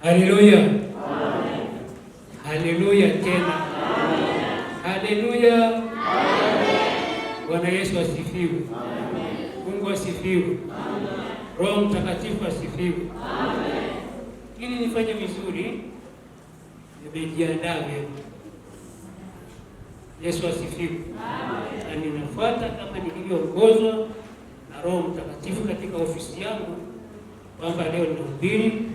Haleluya, haleluya tena, haleluya. Bwana Yesu asifiwe, Mungu asifiwe, Roho Mtakatifu asifiwe. Ili nifanye vizuri, nimejiandaa vyema. Yesu asifiwe, na ninafuata kama nilivyoongozwa na Roho Mtakatifu katika ofisi yangu, kwamba leo ninahubiri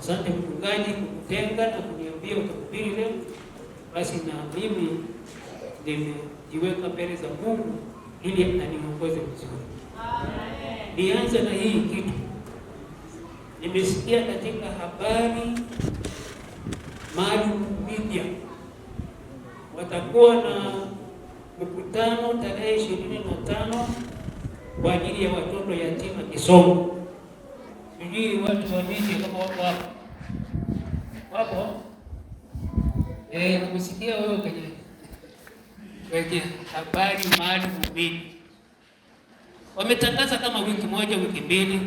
Asante mchungaji kukutenga na kuniambia utakubiri leo. Basi na mimi nimejiweka mbele za Mungu ili aniongoze vizuri. Amen. Nianze na hii kitu nimesikia katika habari maalum media watakuwa na mkutano tarehe ishirini na tano kwa ajili ya watoto yatima Kisomo sijui watu wanishi wapo wapo, e, nakusikia wewe kwenye kwenye habari maalum mbili wametangaza kama wiki moja wiki mbili,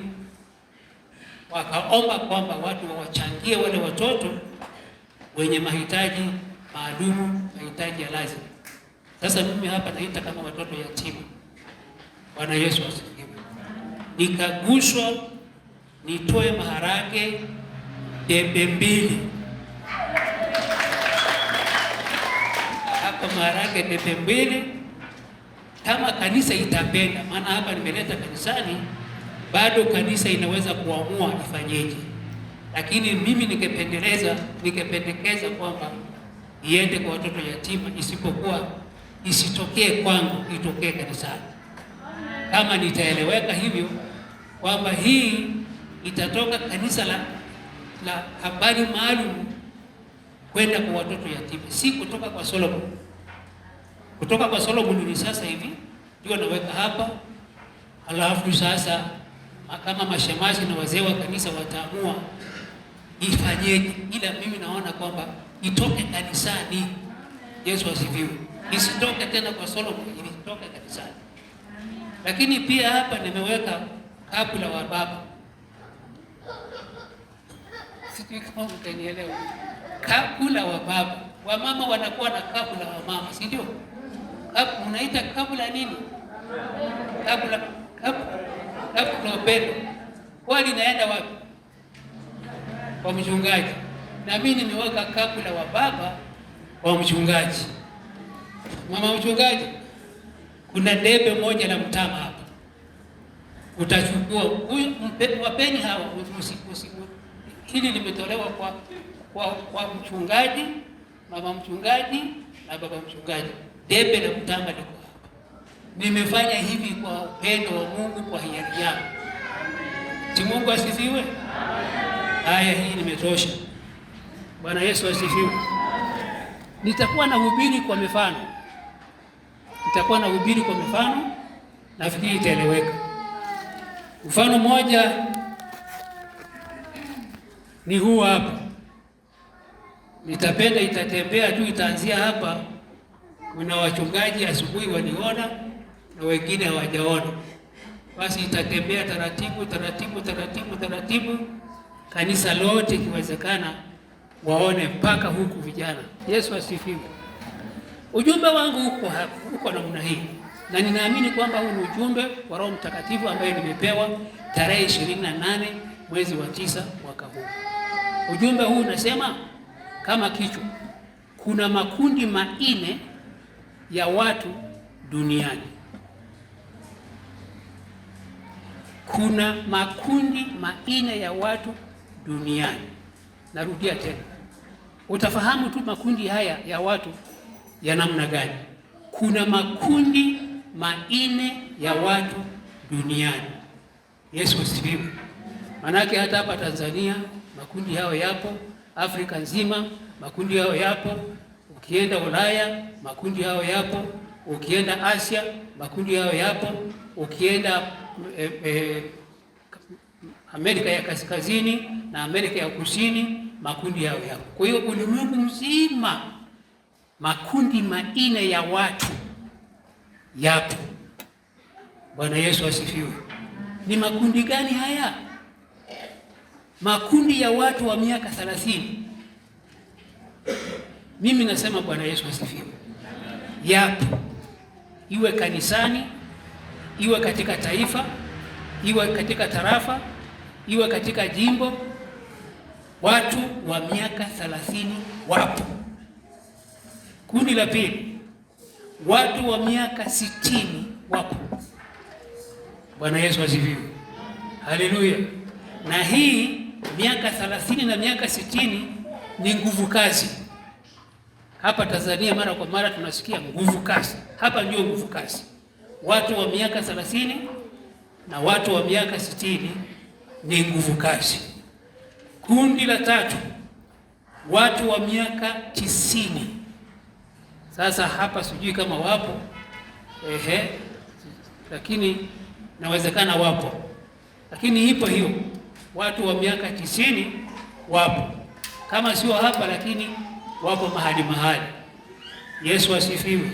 wakaomba kwamba watu wawachangie wale watoto wenye mahitaji maalumu, mahitaji ya lazima. Sasa mimi hapa naita kama watoto yatima. Bwana Yesu asifiwe. Nikaguswa nitoe maharage debe mbili hapa, maharage debe mbili kama kanisa itapenda. Maana hapa nimeleta kanisani, bado kanisa inaweza kuamua ifanyeje, lakini mimi ningependeleza ningependekeza kwamba iende kwa watoto yatima, isipokuwa isitokee kwangu, itokee kanisani. Kama nitaeleweka hivyo kwamba hii itatoka kanisa la, la habari maalum kwenda kwa watoto yatima, si kutoka kwa Solomon. Kutoka kwa Solomon ni sasa hivi ndio naweka hapa, alafu sasa kama mashemasi na wazee wa kanisa wataamua ifanyeje, ila mimi naona kwamba itoke kanisani. Yesu asifiwe. Isitoke tena kwa Solomon, ilitoke kanisani. Lakini pia hapa nimeweka kapu la wababa sijui kama mtanielewa. Kabula wa baba, wamama wanakuwa na kabula wa mama, si ndio? Unaita kabula nini? Kabula kabula upendo kwa linaenda wapi? Kwa mchungaji. Na mimi nimeweka kabula wa baba kwa mchungaji. Mama mchungaji, kuna debe moja la mtama hapa, utachukua huyu, wapeni hawa usiku Hili limetolewa kwa kwa, kwa mchungaji, mama mchungaji na baba mchungaji. Debe la mtama liko hapa. Nimefanya hivi kwa upendo wa Mungu, kwa hiari yangu. Si Mungu asifiwe? Haya, hii nimetosha. Bwana Yesu asifiwe. Nitakuwa na hubiri kwa mifano, nitakuwa na hubiri kwa mifano, nafikiri itaeleweka. Mfano mmoja ni huu hapa. Nitapenda itatembea juu, itaanzia hapa. Kuna wachungaji asubuhi waliona na wengine hawajaona, basi itatembea taratibu taratibu taratibu taratibu, kanisa lote ikiwezekana waone mpaka huku vijana. Yesu asifiwe. Ujumbe wangu uko hapa, uko namna hii, na ninaamini kwamba huu ni ujumbe wa Roho Mtakatifu ambaye nimepewa tarehe 28 mwezi wa tisa mwaka huu. Ujumbe huu unasema kama kichwa, kuna makundi manne ya watu duniani. Kuna makundi manne ya watu duniani. Narudia tena, utafahamu tu makundi haya ya watu ya namna gani. Kuna makundi manne ya watu duniani. Yesu asifiwe. Manake hata hapa Tanzania makundi hayo yapo Afrika nzima, makundi hayo yapo. Ukienda Ulaya, makundi hayo yapo. Ukienda Asia, makundi hayo yapo. Ukienda eh, eh, Amerika ya Kaskazini na Amerika ya Kusini, makundi hayo yapo. Kwa hiyo ulimwengu mzima makundi manne ya watu yapo. Bwana Yesu asifiwe. Ni makundi gani haya? makundi ya watu wa miaka thelathini. Mimi nasema Bwana Yesu asifiwe. Yapo, iwe kanisani, iwe katika taifa, iwe katika tarafa, iwe katika jimbo, watu wa miaka thelathini wapo. Kundi la pili, watu wa miaka sitini wapo. Bwana Yesu asifiwe, haleluya. Na hii miaka 30 na miaka 60 ni nguvu kazi. Hapa Tanzania mara kwa mara tunasikia nguvu kazi. Hapa ndio nguvu kazi, watu wa miaka 30 na watu wa miaka 60 ni nguvu kazi. Kundi la tatu, watu wa miaka tisini. Sasa hapa sijui kama wapo ehe, lakini nawezekana wapo, lakini ipo hiyo watu wa miaka tisini wapo, kama sio hapa, lakini wapo mahali mahali. Yesu asifiwe.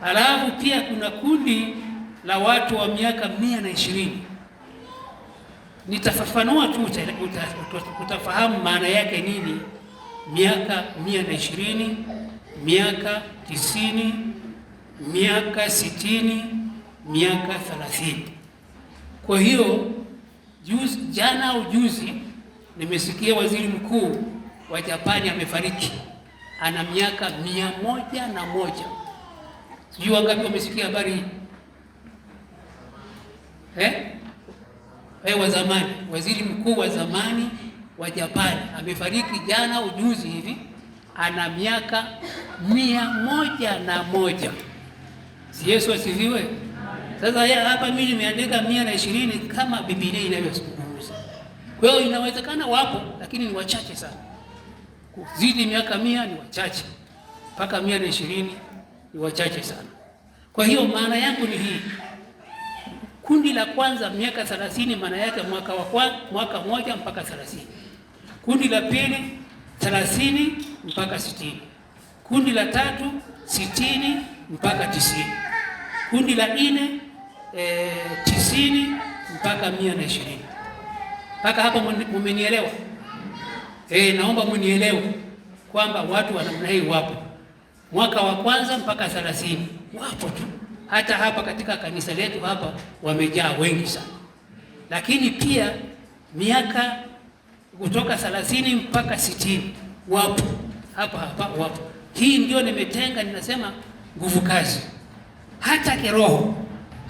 Halafu pia kuna kundi la watu wa miaka mia na ishirini. Nitafafanua tu utafahamu maana yake nini, miaka mia na ishirini, miaka tisini, miaka sitini, miaka thelathini. Kwa hiyo Juzi, jana ujuzi nimesikia waziri mkuu wa Japani amefariki, ana miaka mia moja na moja. Sijui wangapi wamesikia habari hii eh? Eh, wa zamani, waziri mkuu wa zamani wa Japani amefariki jana ujuzi hivi, ana miaka mia moja na moja. Si Yesu asifiwe! Sasa hapa mimi nimeandika mia na ishirini kama Biblia inavyozungumza. Kwa hiyo inawezekana wapo, lakini ni wachache sana. Kuzidi miaka mia ni wachache, mpaka mia na ishirini ni wachache sana. Kwa hiyo maana yangu ni hii, kundi la kwanza miaka thelathini, maana yake mwaka wa kwa, mwaka moja mpaka thelathini. Kundi la pili thelathini mpaka sitini. Kundi la tatu sitini mpaka tisini. Kundi la nne Eh, tisini mpaka mia na ishirini mpaka hapo mumenielewa? E, naomba mnielewe kwamba watu wa namna hii wapo, mwaka wa kwanza mpaka thelathini wapo tu. Hata hapa katika kanisa letu hapa wamejaa wengi sana, lakini pia miaka kutoka thelathini mpaka sitini wapo hapa hapa wapo. Hii ndio nimetenga, ninasema nguvu kazi hata kiroho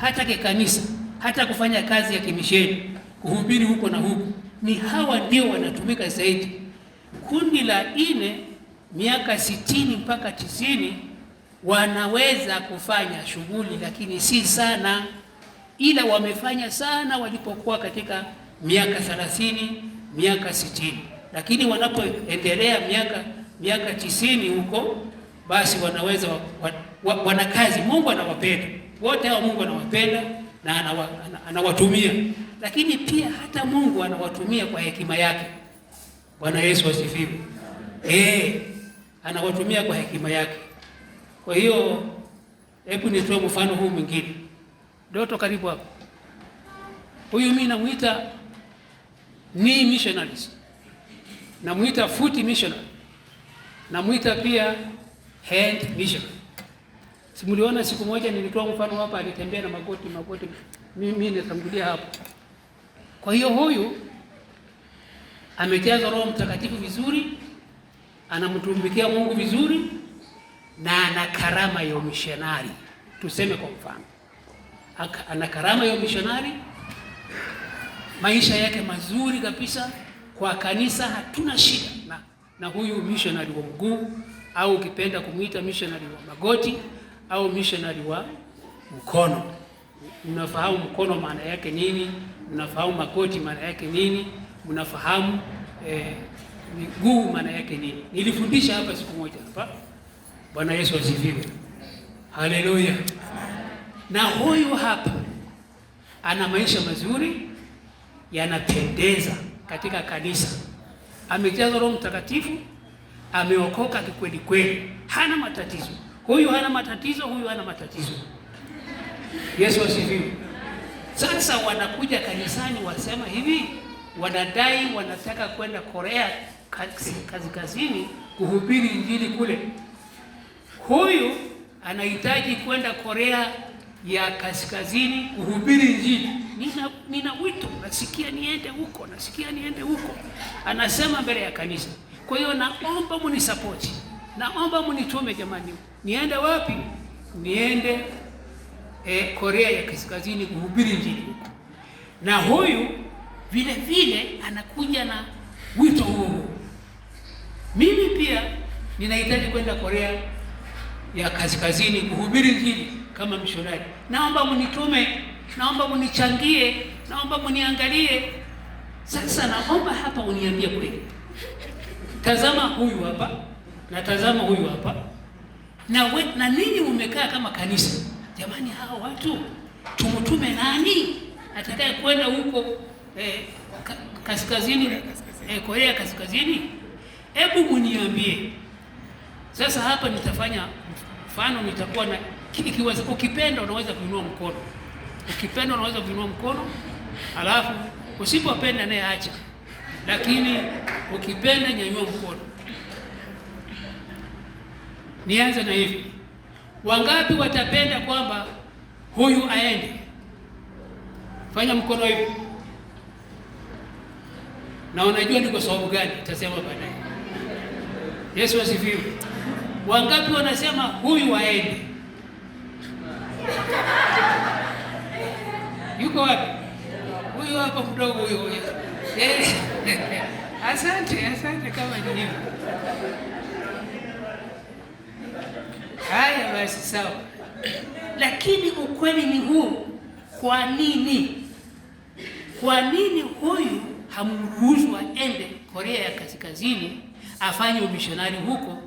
hata kikanisa, hata kufanya kazi ya kimisheni, kuhubiri huko na huko, ni hawa ndio wanatumika zaidi. Kundi la nne, miaka sitini mpaka tisini, wanaweza kufanya shughuli lakini si sana, ila wamefanya sana walipokuwa katika miaka thelathini, miaka sitini, lakini wanapoendelea miaka miaka tisini huko, basi wanaweza wa, wa, wana kazi. Mungu anawapenda wote hao Mungu anawapenda na anawa, anawatumia, lakini pia hata Mungu anawatumia kwa hekima yake. Bwana Yesu asifiwe. Eh, anawatumia kwa hekima yake. Kwa hiyo hebu nitoe mfano huu mwingine. Doto, karibu hapo. Huyu mimi namuita ni missionaries, namuita foot missionary, namuita pia hand missionary Simuliona siku moja nilitoa mfano hapa, alitembea na magoti magoti, mimi natangulia hapo. Kwa hiyo huyu amejaza Roho Mtakatifu vizuri, anamtumikia Mungu vizuri, na ana karama ya umishonari. Tuseme kwa mfano, ana karama ya umishonari, maisha yake mazuri kabisa kwa kanisa, hatuna shida na, na huyu mishonari wa mguu au ukipenda kumwita mishonari wa magoti au missionary wa mkono. Mnafahamu mkono maana yake nini? Mnafahamu magoti maana yake nini? Mnafahamu eh, miguu maana yake nini? Nilifundisha hapa siku moja hapa. Bwana Yesu asifiwe, haleluya. Na huyu hapa ana maisha mazuri yanapendeza katika kanisa, amejazwa Roho Mtakatifu, ameokoka kikweli kweli, hana matatizo. Huyu hana matatizo, huyu hana matatizo. Yesu asifiwe. Sasa wanakuja kanisani wasema hivi, wanadai wanataka kwenda Korea kazini kuhubiri injili kule. Huyu anahitaji kwenda Korea ya Kaskazini kuhubiri injili. Nina, nina wito, nasikia niende huko, nasikia niende huko, anasema mbele ya kanisa. Kwa hiyo naomba munisapoti naomba mnitume jamani, niende wapi? Niende eh, Korea ya Kaskazini kuhubiri Injili huko. Na huyu vile vile anakuja na wito huu, mimi pia ninahitaji kwenda Korea ya Kaskazini kuhubiri Injili kama mshonari, naomba mnitume, naomba mnichangie, naomba mniangalie. Sasa naomba hapa uniambie kweli, tazama huyu hapa natazama huyu hapa na we, na ninyi umekaa kama kanisa jamani, hao watu tumtume nani atakaye kwenda huko eh, kaskazini eh, Korea Kaskazini? Hebu muniambie sasa. Hapa nitafanya mfano, nitakuwa na kiwaza. ukipenda unaweza kuinua mkono, ukipenda unaweza kuinua mkono, alafu usipopenda naye acha, lakini ukipenda nyanyua mkono. Nianze na hivi, wangapi watapenda kwamba huyu aende? Fanya mkono hivi, na unajua ni kwa sababu gani, tasema baadaye. Yesu asifiwe. Wangapi wanasema huyu aende? Yuko wapi? Huyu hapa mdogo huyo. Eh, eh, eh. Asante, asante kama nilivyo Haya basi sawa, lakini ukweli ni huu. Kwa nini, kwa nini huyu hamruhusu aende Korea ya Kaskazini afanye umishonari huko,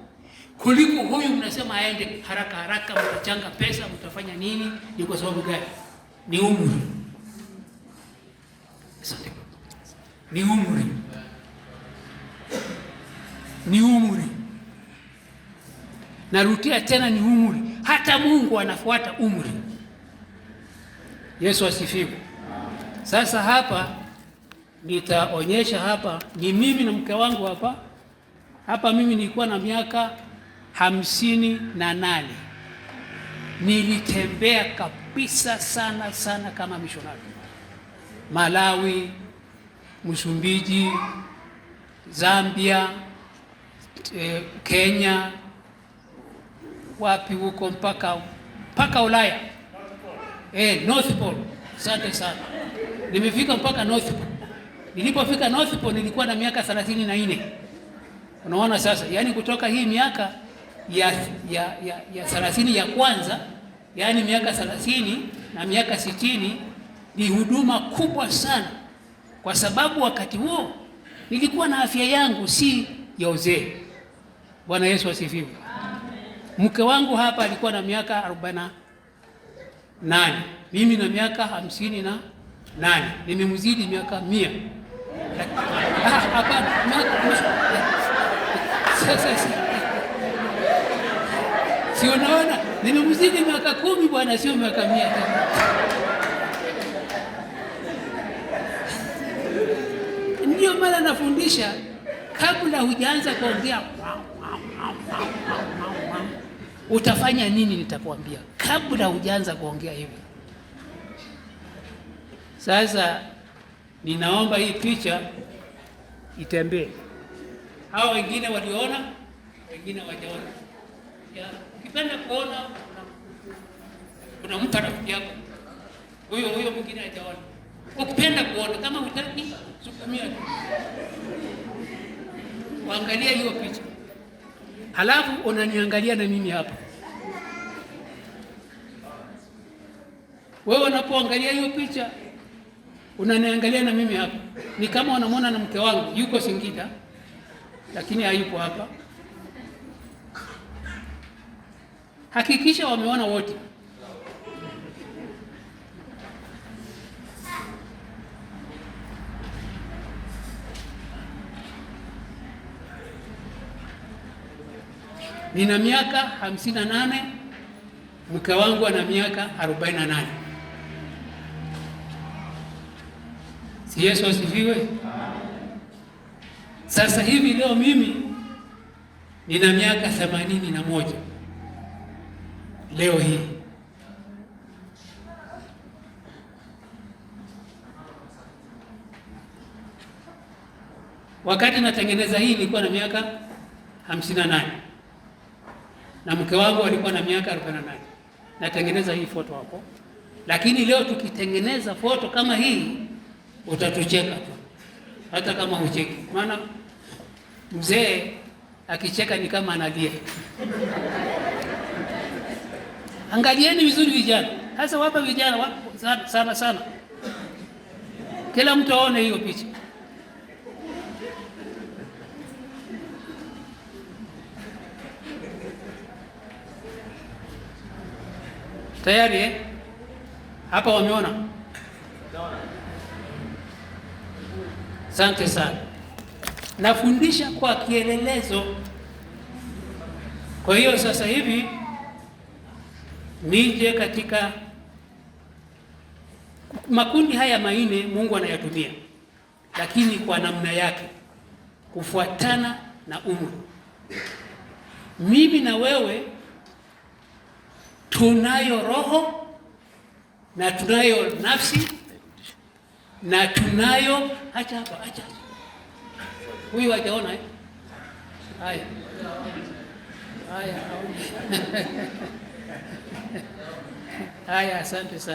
kuliko huyu mnasema aende haraka haraka, mtachanga pesa, mtafanya nini? Ni kwa sababu gani? Ni umri, ni umri, ni umri Narudia tena ni umri, hata Mungu anafuata umri. Yesu asifiwe. Sasa hapa nitaonyesha hapa, ni mimi na mke wangu hapa hapa. Mimi nilikuwa na miaka hamsini na nane nilitembea kabisa sana sana kama mishonari Malawi, Msumbiji, Zambia, eh, Kenya wapi huko mpaka mpaka Ulaya eh, North Pole. Asante sana, nimefika mpaka North Pole. Nilipofika North Pole nilikuwa na miaka 34. na nne. Unaona sasa, yaani kutoka hii miaka ya ya ya, ya thelathini ya kwanza, yaani miaka thelathini na miaka sitini ni huduma kubwa sana, kwa sababu wakati huo nilikuwa na afya yangu si ya uzee. Bwana Yesu asifiwe. Mke wangu hapa alikuwa na miaka 48, nane, mimi na miaka hamsini na nane, nimemzidi miaka mia. Si unaona, nimemzidi miaka kumi bwana, sio miaka mia. Ndiyo maana nafundisha kabla hujaanza kuongea utafanya nini? Nitakwambia kabla hujaanza kuongea hivi. Sasa ninaomba hii picha itembee. Hao wengine waliona, wengine wajaona. Ukipenda kuona, mtu rafiki yako huyo huyo, mwingine hajaona. Ukipenda kuona, kama utaki sukumia wangalia hiyo picha halafu unaniangalia na mimi hapa. Wewe unapoangalia hiyo picha unaniangalia na mimi hapa, ni kama unamwona na mke wangu yuko Singida lakini hayupo hapa. Hakikisha wameona wote. Nina miaka 58, mke wangu ana miaka 48. Si Yesu asifiwe! Sasa hivi leo mimi nina miaka 81 leo hii. Wakati natengeneza hii nilikuwa na miaka 58 na mke wangu alikuwa na miaka 48. Natengeneza hii foto hapo, lakini leo tukitengeneza foto kama hii utatucheka tu, hata kama hucheki, maana mzee akicheka ni kama analia. Angalieni vizuri vijana, hasa wapa vijana sana sana, kila mtu aone hiyo picha. tayari eh? Hapa wameona. Asante sana. Nafundisha kwa kielelezo. Kwa hiyo sasa hivi nije katika makundi haya manne, Mungu anayatumia lakini kwa namna yake kufuatana na umri. Mimi na wewe Tunayo roho na tunayo nafsi na tunayo acha hapa, acha huyu hajaona eh? Haya, haya, haya, asante sana.